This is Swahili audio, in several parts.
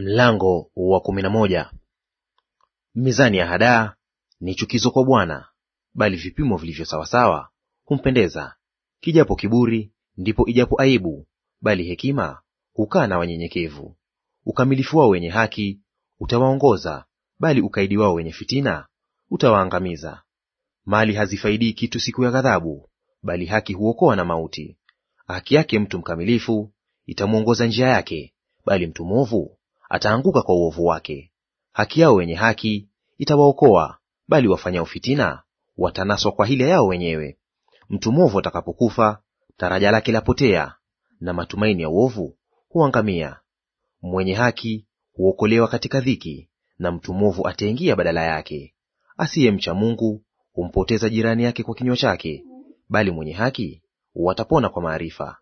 Mlango wa kumi na moja. Mizani ya hadaa ni chukizo kwa Bwana, bali vipimo vilivyo sawasawa humpendeza. Kijapo kiburi, ndipo ijapo aibu, bali hekima hukaa na wanyenyekevu. Ukamilifu wao wenye haki utawaongoza, bali ukaidi wao wenye fitina utawaangamiza. Mali hazifaidii kitu siku ya ghadhabu, bali haki huokoa na mauti. Haki yake mtu mkamilifu itamwongoza njia yake, bali mtu mwovu ataanguka kwa uovu wake. Haki yao wenye haki itawaokoa, bali wafanyao fitina watanaswa kwa hila yao wenyewe. Mtu mwovu atakapokufa, taraja lake lapotea, na matumaini ya uovu huangamia. Mwenye haki huokolewa katika dhiki, na mtu mwovu ataingia badala yake. Asiyemcha Mungu humpoteza jirani yake kwa kinywa chake, bali mwenye haki watapona kwa maarifa.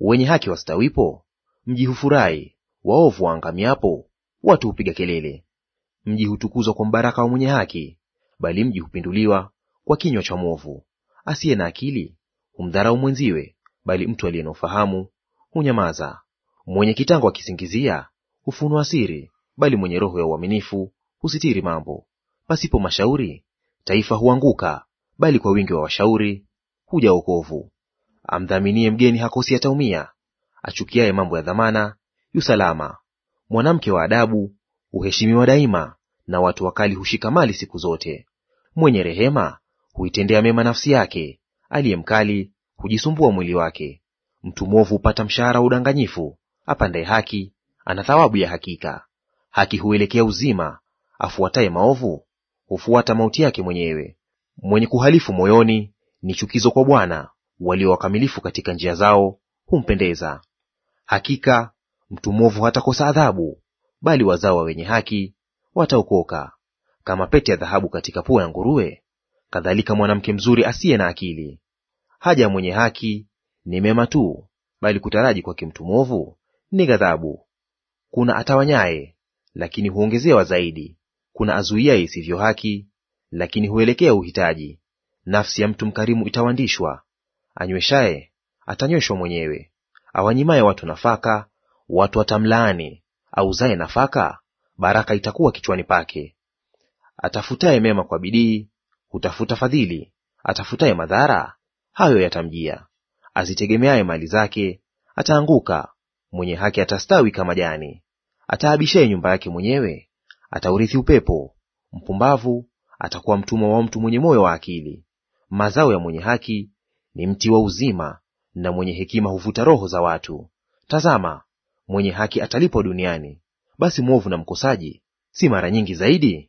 Wenye haki wastawipo, mji hufurahi, Waovu waangamiapo, watu hupiga kelele. Mji hutukuzwa kwa mbaraka wa mwenye haki, bali mji hupinduliwa kwa kinywa cha mwovu. Asiye na akili humdharau mwenziwe, bali mtu aliye na ufahamu hunyamaza. Mwenye kitango akisingizia hufunua siri, bali mwenye roho ya uaminifu husitiri mambo. Pasipo mashauri taifa huanguka, bali kwa wingi wa washauri huja wokovu. Amdhaminie mgeni hakosi ataumia, achukiaye mambo ya dhamana yu salama. Mwanamke wa adabu huheshimiwa daima, na watu wakali hushika mali siku zote. Mwenye rehema huitendea mema nafsi yake, aliye mkali hujisumbua mwili wake. Mtu mwovu hupata mshahara wa udanganyifu, apandaye haki ana thawabu ya hakika. Haki huelekea uzima, afuataye maovu hufuata mauti yake mwenyewe. Mwenye kuhalifu moyoni ni chukizo kwa Bwana, walio wakamilifu katika njia zao humpendeza. Hakika Mtu mwovu hatakosa adhabu, bali wazao wa wenye haki wataokoka. Kama pete ya dhahabu katika pua ya nguruwe, kadhalika mwanamke mzuri asiye na akili. Haja ya mwenye haki ni mema tu, bali kutaraji kwake mtu mwovu ni ghadhabu. Kuna atawanyaye, lakini huongezewa zaidi; kuna azuiaye isivyo haki, lakini huelekea uhitaji. Nafsi ya mtu mkarimu itawandishwa, anyweshaye atanyweshwa mwenyewe. Awanyimaye watu nafaka Watu watamlaani; auzaye nafaka, baraka itakuwa kichwani pake. Atafutaye mema kwa bidii hutafuta fadhili; atafutaye madhara, hayo yatamjia. Azitegemeaye mali zake ataanguka; mwenye haki atastawi kama jani. Ataabishaye nyumba yake mwenyewe ataurithi upepo. Mpumbavu atakuwa mtumwa wa mtu mwenye moyo wa akili. Mazao ya mwenye haki ni mti wa uzima, na mwenye hekima huvuta roho za watu. Tazama, mwenye haki atalipwa duniani, basi mwovu na mkosaji si mara nyingi zaidi?